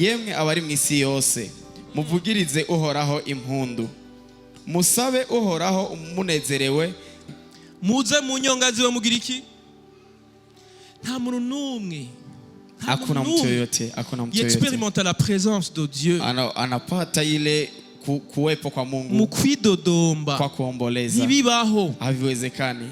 yemwe abari mu isi yose muvugirize uhoraho impundu musabe uhoraho umunezerewe muze mu nyongazi we mugira iki nta muntu n'umwe hakuna mtu yoyote hakuna mtu la presence de Dieu anapata ile kuwepo kwa Mungu mukwidodomba kwa kuomboleza ntibibaho haviwezekani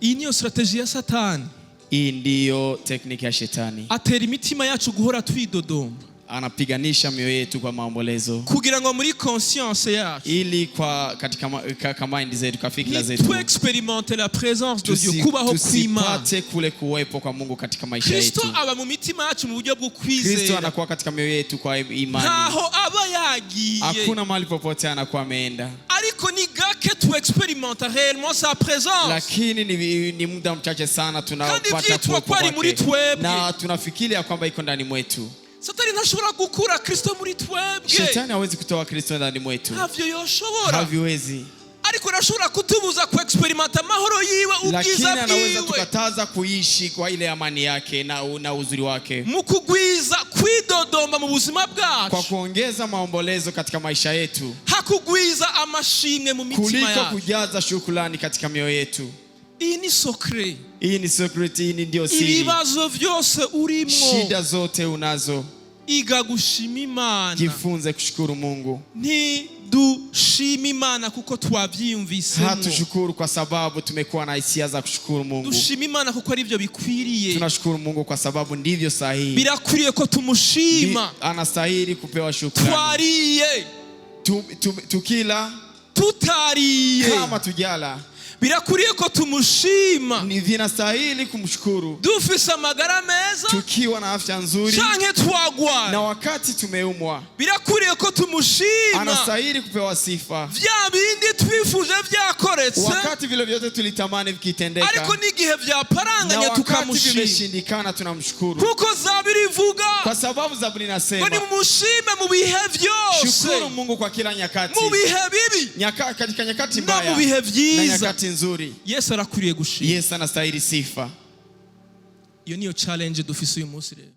Iyi niyo strategy ya Satani. Iyi ndiyo tekniki ya shetani. Atera imitima yacu guhora twidodoma anapiganisha mioyo yetu kwa maombolezo kugira ngo muri conscience yacu ili kwa katika mind zetu kwa fikra zetu tu experimente la presence de Dieu kubaho kwima tusipate kule kuwepo kwa Mungu katika maisha yetu Kristo aba mu mitima yacu mu buryo bwo kwizera Kristo anakuwa katika mioyo yetu kwa imani aho aba yagiye hakuna mahali popote anakuwa ameenda ariko ni gake tu experimente réellement sa présence lakini ni, ni muda mchache sana tunapata kwa kwa muri twebwe na tunafikiria kwamba iko ndani mwetu Satani ntashobora gukura Kristo muri twebwe. Shetani hawezi kutoa Kristo ndani mwetu. Havyoyoshobora. Haviwezi. Ariko nashobora kutubuza kuexperimenta amahoro yiwe, ubwiza bwiwe. Lakini anaweza tukataza kuishi kwa ile amani yake na, na uzuri wake. Mukugwiza kwidodomba mu buzima bwacu. Kwa kuongeza maombolezo katika maisha yetu. Hakugwiza amashimwe mu mitima Kuliko kujaza shukrani katika mioyo yetu. Iyi ni sokre. ini ndio siri. Ibibazo vyose urimo. Shida zote unazo. Iga gushima Imana. Jifunze kushukuru Mungu. Ntidushime Imana kuko twavyiyumvisemo. Hatushukuru kwa sababu tumekuwa na hisia za kushukuru Mungu. Dushime Imana kuko arivyo bikwiriye. Tunashukuru Mungu kwa sababu ndivyo sahihi. Birakwiriye ko tumushima. Anastahili kupewa shukrani. Twariye. Tukila tutariye. Kama tujala birakuriye ko tumushima, ni vinastahili kumshukuru. Dufise amagara meza, tukiwa na afya nzuri, canke twagwara, na wakati tumeumwa, birakuriye ko tumushima, anastahili kupewa sifa. Vya bindi twifuje vyakoretse, wakati vile vyote tulitamani vikitendeka, ariko n'igihe vyaparanganye tukamushima, vimeshindikana, tunamshukuru, kuko Zaburi ivuga, kwa sababu Zaburi inasema ngo mushime mu bihe vyose. Shukuru Mungu kwa kila nyakati, mu bihe bibi, nyakati katika nyakati mbaya na mu bihe vyiza nzuri. Yesu anakwiriye gushimwa. Yesu anastahili sifa. Iyo niyo challenge dufise uyu munsi rero.